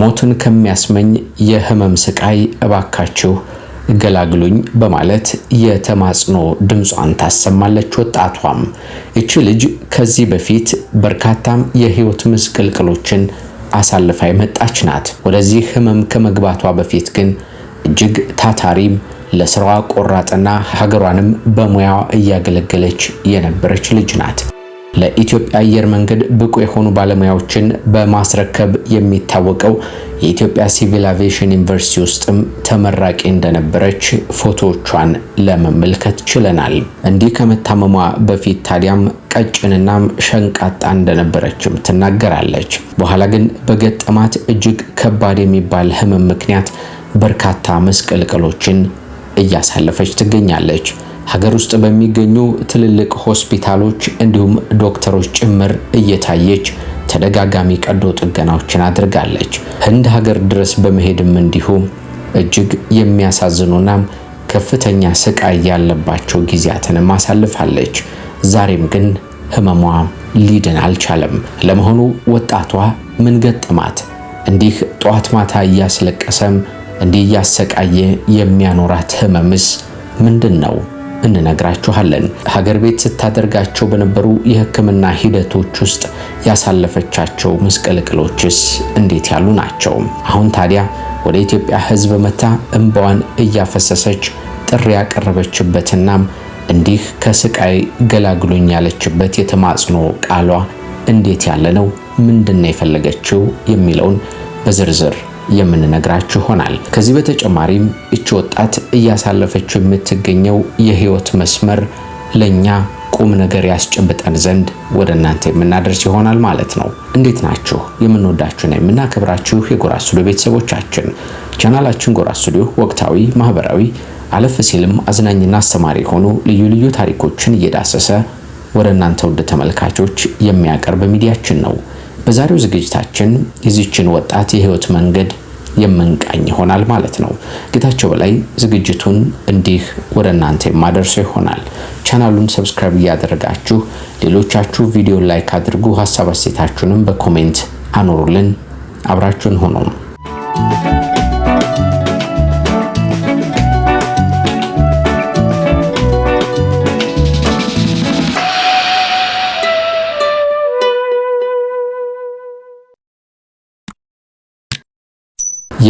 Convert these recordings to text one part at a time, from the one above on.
ሞቱን ከሚያስመኝ የህመም ስቃይ እባካችሁ ገላግሉኝ በማለት የተማጽኖ ድምጿን ታሰማለች። ወጣቷም እቺ ልጅ ከዚህ በፊት በርካታም የህይወት ምስቅልቅሎችን አሳልፋ የመጣች ናት። ወደዚህ ህመም ከመግባቷ በፊት ግን እጅግ ታታሪም ለስራዋ ቆራጥና ሀገሯንም በሙያዋ እያገለገለች የነበረች ልጅ ናት። ለኢትዮጵያ አየር መንገድ ብቁ የሆኑ ባለሙያዎችን በማስረከብ የሚታወቀው የኢትዮጵያ ሲቪል አቪዬሽን ዩኒቨርሲቲ ውስጥም ተመራቂ እንደነበረች ፎቶዎቿን ለመመልከት ችለናል። እንዲህ ከመታመሟ በፊት ታዲያም ቀጭንናም ሸንቃጣ እንደነበረችም ትናገራለች። በኋላ ግን በገጠማት እጅግ ከባድ የሚባል ሕመም ምክንያት በርካታ መስቀልቅሎችን እያሳለፈች ትገኛለች። ሀገር ውስጥ በሚገኙ ትልልቅ ሆስፒታሎች እንዲሁም ዶክተሮች ጭምር እየታየች ተደጋጋሚ ቀዶ ጥገናዎችን አድርጋለች። ህንድ ሀገር ድረስ በመሄድም እንዲሁ እጅግ የሚያሳዝኑና ከፍተኛ ስቃይ ያለባቸው ጊዜያትንም አሳልፋለች። ዛሬም ግን ህመሟ ሊድን አልቻለም። ለመሆኑ ወጣቷ ምን ገጠማት? እንዲህ ጧት ማታ እያስለቀሰም እንዲህ እያሰቃየ የሚያኖራት ህመምስ ምንድን ነው? እንነግራችኋለን። ሀገር ቤት ስታደርጋቸው በነበሩ የህክምና ሂደቶች ውስጥ ያሳለፈቻቸው ምስቅልቅሎችስ እንዴት ያሉ ናቸው? አሁን ታዲያ ወደ ኢትዮጵያ ህዝብ መታ እንባዋን እያፈሰሰች ጥሪ ያቀረበችበትና እንዲህ ከስቃይ ገላግሎኝ ያለችበት የተማጽኖ ቃሏ እንዴት ያለ ነው? ምንድን ነው የፈለገችው? የሚለውን በዝርዝር የምንነግራችሁ ይሆናል። ከዚህ በተጨማሪም እች ወጣት እያሳለፈችው የምትገኘው የህይወት መስመር ለእኛ ቁም ነገር ያስጨብጠን ዘንድ ወደ እናንተ የምናደርስ ይሆናል ማለት ነው። እንዴት ናችሁ? የምንወዳችሁና የምናከብራችሁ የጎራ ስቱዲዮ ቤተሰቦቻችን ቻናላችን ጎራ ስቱዲዮ ወቅታዊ፣ ማህበራዊ አለፍ ሲልም አዝናኝና አስተማሪ የሆኑ ልዩ ልዩ ታሪኮችን እየዳሰሰ ወደ እናንተ ውድ ተመልካቾች የሚያቀርብ ሚዲያችን ነው። በዛሬው ዝግጅታችን የዚችን ወጣት የህይወት መንገድ የምንቃኝ ይሆናል ማለት ነው። ጌታቸው በላይ ዝግጅቱን እንዲህ ወደ እናንተ የማደርሰው ይሆናል። ቻናሉን ሰብስክራይብ እያደረጋችሁ ሌሎቻችሁ ቪዲዮ ላይክ አድርጉ፣ ሀሳብ አስተያየታችሁንም በኮሜንት አኖሩልን። አብራችሁን ሆኖም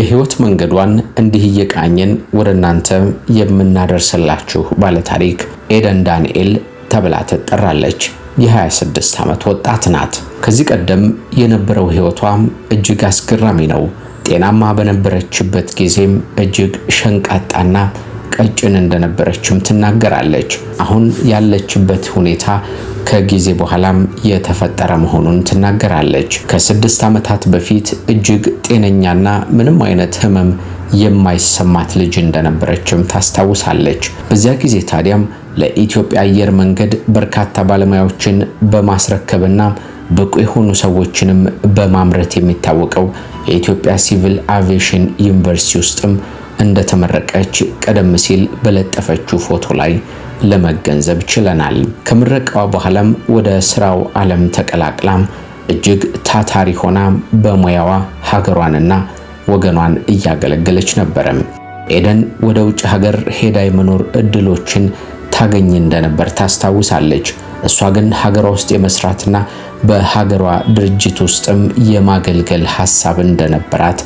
የህይወት መንገዷን እንዲህ እየቃኘን ወደ እናንተ የምናደርስላችሁ ባለታሪክ ኤደን ዳንኤል ተብላ ትጠራለች። የ26 ዓመት ወጣት ናት። ከዚህ ቀደም የነበረው ህይወቷ እጅግ አስገራሚ ነው። ጤናማ በነበረችበት ጊዜም እጅግ ሸንቃጣና ቀጭን እንደነበረችም ትናገራለች። አሁን ያለችበት ሁኔታ ከጊዜ በኋላም የተፈጠረ መሆኑን ትናገራለች። ከስድስት ዓመታት በፊት እጅግ ጤነኛና ምንም አይነት ህመም የማይሰማት ልጅ እንደነበረችም ታስታውሳለች። በዚያ ጊዜ ታዲያም ለኢትዮጵያ አየር መንገድ በርካታ ባለሙያዎችን በማስረከብና ብቁ የሆኑ ሰዎችንም በማምረት የሚታወቀው የኢትዮጵያ ሲቪል አቪዬሽን ዩኒቨርሲቲ ውስጥም እንደተመረቀች ቀደም ሲል በለጠፈችው ፎቶ ላይ ለመገንዘብ ችለናል። ከምረቃዋ በኋላም ወደ ስራው ዓለም ተቀላቅላም እጅግ ታታሪ ሆና በሙያዋ ሀገሯንና ወገኗን እያገለገለች ነበረም። ኤደን ወደ ውጭ ሀገር ሄዳ የመኖር እድሎችን ታገኝ እንደነበር ታስታውሳለች። እሷ ግን ሀገሯ ውስጥ የመስራትና በሀገሯ ድርጅት ውስጥም የማገልገል ሀሳብ እንደነበራት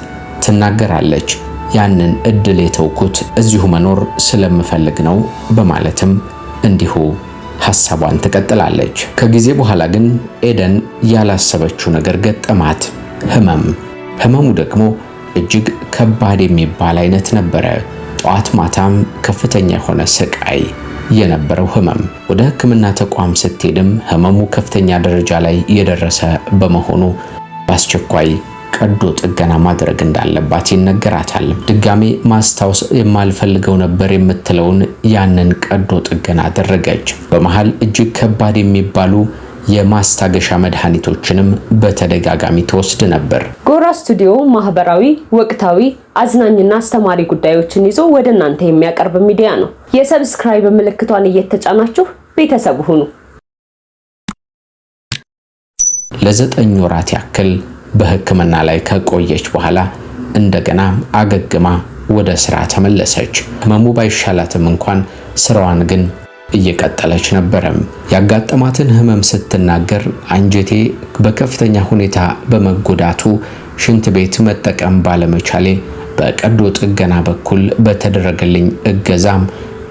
ትናገራለች። ያንን እድል የተውኩት እዚሁ መኖር ስለምፈልግ ነው በማለትም እንዲሁ ሐሳቧን ትቀጥላለች። ከጊዜ በኋላ ግን ኤደን ያላሰበችው ነገር ገጠማት። ህመም። ህመሙ ደግሞ እጅግ ከባድ የሚባል አይነት ነበረ። ጠዋት ማታም ከፍተኛ የሆነ ስቃይ የነበረው ህመም። ወደ ህክምና ተቋም ስትሄድም ህመሙ ከፍተኛ ደረጃ ላይ የደረሰ በመሆኑ በአስቸኳይ ቀዶ ጥገና ማድረግ እንዳለባት ይነገራታል። ድጋሜ ማስታወስ የማልፈልገው ነበር የምትለውን ያንን ቀዶ ጥገና አደረገች። በመሃል እጅግ ከባድ የሚባሉ የማስታገሻ መድኃኒቶችንም በተደጋጋሚ ትወስድ ነበር። ጎራ ስቱዲዮ ማህበራዊ፣ ወቅታዊ፣ አዝናኝና አስተማሪ ጉዳዮችን ይዞ ወደ እናንተ የሚያቀርብ ሚዲያ ነው። የሰብስክራይብ ምልክቷን እየተጫናችሁ ቤተሰብ ሁኑ። ለዘጠኝ ወራት ያክል በሕክምና ላይ ከቆየች በኋላ እንደገና አገግማ ወደ ስራ ተመለሰች። ህመሙ ባይሻላትም እንኳን ስራዋን ግን እየቀጠለች ነበረም። ያጋጠማትን ህመም ስትናገር አንጀቴ በከፍተኛ ሁኔታ በመጎዳቱ ሽንት ቤት መጠቀም ባለመቻሌ በቀዶ ጥገና በኩል በተደረገልኝ እገዛም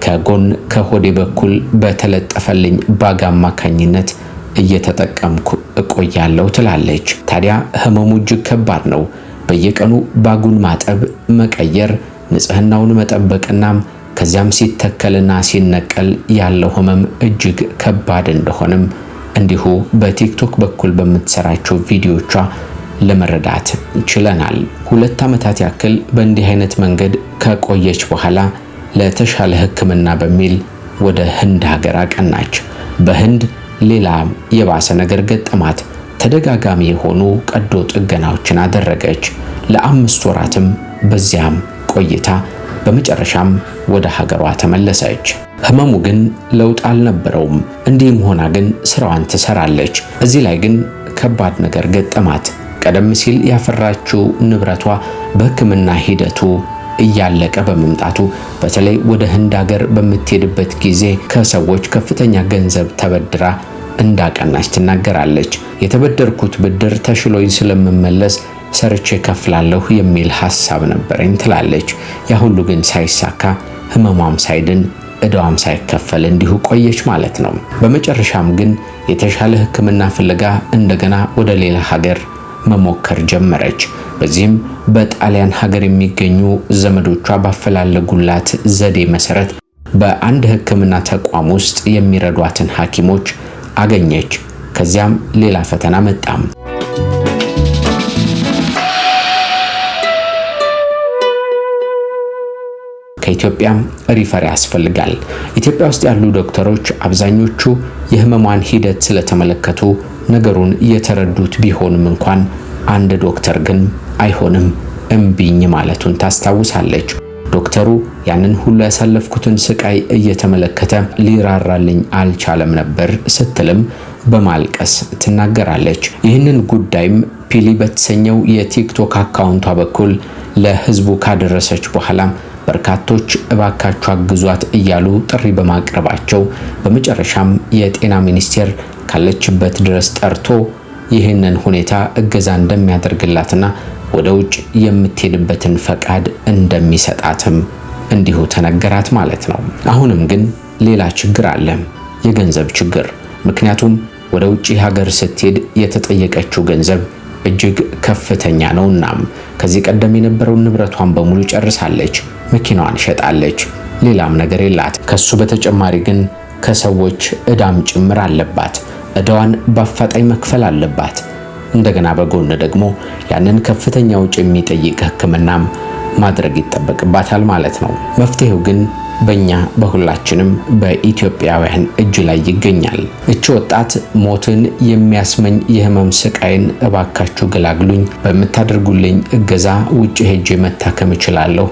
ከጎን ከሆዴ በኩል በተለጠፈልኝ ባጋ አማካኝነት እየተጠቀምኩ እቆያለሁ ትላለች። ታዲያ ህመሙ እጅግ ከባድ ነው። በየቀኑ ባጉን ማጠብ፣ መቀየር፣ ንጽህናውን መጠበቅና ከዚያም ሲተከልና ሲነቀል ያለው ህመም እጅግ ከባድ እንደሆነም እንዲሁ በቲክቶክ በኩል በምትሰራቸው ቪዲዮቿ ለመረዳት ችለናል። ሁለት ዓመታት ያክል በእንዲህ አይነት መንገድ ከቆየች በኋላ ለተሻለ ህክምና በሚል ወደ ህንድ ሀገር አቀናች። በህንድ ሌላም የባሰ ነገር ገጠማት። ተደጋጋሚ የሆኑ ቀዶ ጥገናዎችን አደረገች። ለአምስት ወራትም በዚያም ቆይታ በመጨረሻም ወደ ሀገሯ ተመለሰች። ህመሙ ግን ለውጥ አልነበረውም። እንዲህም ሆና ግን ስራዋን ትሰራለች። እዚህ ላይ ግን ከባድ ነገር ገጠማት። ቀደም ሲል ያፈራችው ንብረቷ በሕክምና ሂደቱ እያለቀ በመምጣቱ በተለይ ወደ ህንድ ሀገር በምትሄድበት ጊዜ ከሰዎች ከፍተኛ ገንዘብ ተበድራ እንዳቀናች ትናገራለች። የተበደርኩት ብድር ተሽሎኝ ስለምመለስ ሰርቼ ከፍላለሁ የሚል ሀሳብ ነበረኝ ትላለች። ያ ሁሉ ግን ሳይሳካ ህመሟም ሳይድን እዳዋም ሳይከፈል እንዲሁ ቆየች ማለት ነው። በመጨረሻም ግን የተሻለ ሕክምና ፍለጋ እንደገና ወደ ሌላ ሀገር መሞከር ጀመረች። በዚህም በጣሊያን ሀገር የሚገኙ ዘመዶቿ ባፈላለጉላት ዘዴ መሰረት በአንድ ሕክምና ተቋም ውስጥ የሚረዷትን ሐኪሞች አገኘች። ከዚያም ሌላ ፈተና መጣም። ከኢትዮጵያም ሪፈር ያስፈልጋል። ኢትዮጵያ ውስጥ ያሉ ዶክተሮች አብዛኞቹ የህመሟን ሂደት ስለተመለከቱ ነገሩን የተረዱት ቢሆንም እንኳን አንድ ዶክተር ግን አይሆንም እምቢኝ ማለቱን ታስታውሳለች። ዶክተሩ ያንን ሁሉ ያሳለፍኩትን ስቃይ እየተመለከተ ሊራራልኝ አልቻለም ነበር ስትልም በማልቀስ ትናገራለች። ይህንን ጉዳይም ፒሊ በተሰኘው የቲክቶክ አካውንቷ በኩል ለህዝቡ ካደረሰች በኋላ በርካቶች እባካቹ አግዟት እያሉ ጥሪ በማቅረባቸው በመጨረሻም የጤና ሚኒስቴር ካለችበት ድረስ ጠርቶ ይህንን ሁኔታ እገዛ እንደሚያደርግላትና ወደ ውጭ የምትሄድበትን ፈቃድ እንደሚሰጣትም እንዲሁ ተነገራት ማለት ነው። አሁንም ግን ሌላ ችግር አለ፣ የገንዘብ ችግር። ምክንያቱም ወደ ውጭ ሀገር ስትሄድ የተጠየቀችው ገንዘብ እጅግ ከፍተኛ ነውና ከዚህ ቀደም የነበረውን ንብረቷን በሙሉ ጨርሳለች። መኪናዋን ሸጣለች። ሌላም ነገር የላት። ከሱ በተጨማሪ ግን ከሰዎች እዳም ጭምር አለባት። እዳዋን በአፋጣኝ መክፈል አለባት። እንደገና በጎን ደግሞ ያንን ከፍተኛ ውጭ የሚጠይቅ ህክምና ማድረግ ይጠበቅባታል ማለት ነው። መፍትሄው ግን በእኛ በሁላችንም በኢትዮጵያውያን እጅ ላይ ይገኛል። እች ወጣት ሞትን የሚያስመኝ የህመም ስቃይን እባካችሁ ገላግሉኝ፣ በምታደርጉልኝ እገዛ ውጭ ሄጄ መታከም እችላለሁ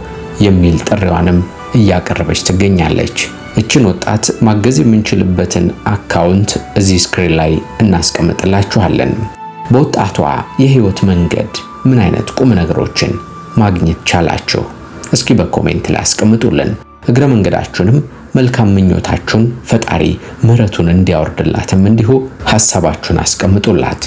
የሚል ጥሪዋንም እያቀረበች ትገኛለች። እችን ወጣት ማገዝ የምንችልበትን አካውንት እዚህ ስክሪን ላይ እናስቀምጥላችኋለን። በወጣቷ የህይወት መንገድ ምን አይነት ቁም ነገሮችን ማግኘት ቻላችሁ? እስኪ በኮሜንት ላይ አስቀምጡልን። እግረ መንገዳችሁንም መልካም ምኞታችሁን ፈጣሪ ምሕረቱን እንዲያወርድላትም እንዲሁ ሐሳባችሁን አስቀምጡላት።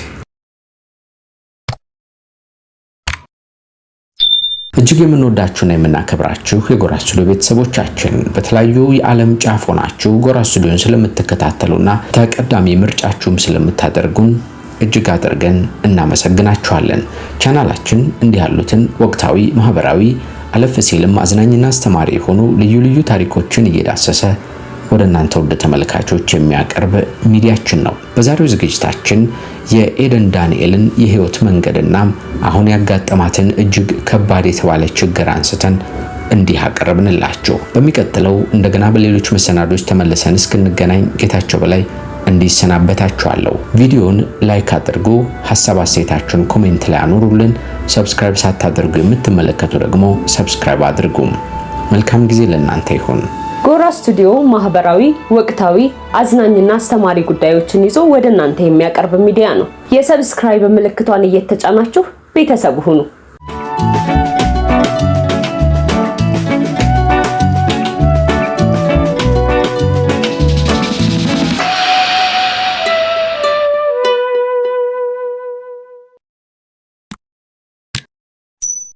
እጅግ የምንወዳችሁና የምናከብራችሁ የጎራ ስቱዲዮ ቤተሰቦቻችን በተለያዩ የዓለም ጫፍ ሆናችሁ ጎራ ስቱዲዮን ስለምትከታተሉና ተቀዳሚ ምርጫችሁም ስለምታደርጉን እጅግ አድርገን እናመሰግናችኋለን። ቻናላችን እንዲህ ያሉትን ወቅታዊ፣ ማህበራዊ አለፍ ሲልም አዝናኝና አስተማሪ የሆኑ ልዩ ልዩ ታሪኮችን እየዳሰሰ ወደ እናንተ ውድ ተመልካቾች የሚያቀርብ ሚዲያችን ነው። በዛሬው ዝግጅታችን የኤደን ዳንኤልን የህይወት መንገድና አሁን ያጋጠማትን እጅግ ከባድ የተባለ ችግር አንስተን እንዲህ አቀረብንላችሁ። በሚቀጥለው እንደገና በሌሎች መሰናዶች ተመልሰን እስክንገናኝ ጌታቸው በላይ እንዲሰናበታችኋለሁ። ቪዲዮውን ላይክ አድርጉ፣ ሀሳብ አስተያየታችሁን ኮሜንት ላይ አኑሩልን። ሰብስክራይብ ሳታደርጉ የምትመለከቱ ደግሞ ሰብስክራይብ አድርጉ። መልካም ጊዜ ለእናንተ ይሁን። ጎራ ስቱዲዮ ማህበራዊ፣ ወቅታዊ፣ አዝናኝና አስተማሪ ጉዳዮችን ይዞ ወደ እናንተ የሚያቀርብ ሚዲያ ነው። የሰብስክራይብ ምልክቷን እየተጫናችሁ ቤተሰብ ሁኑ።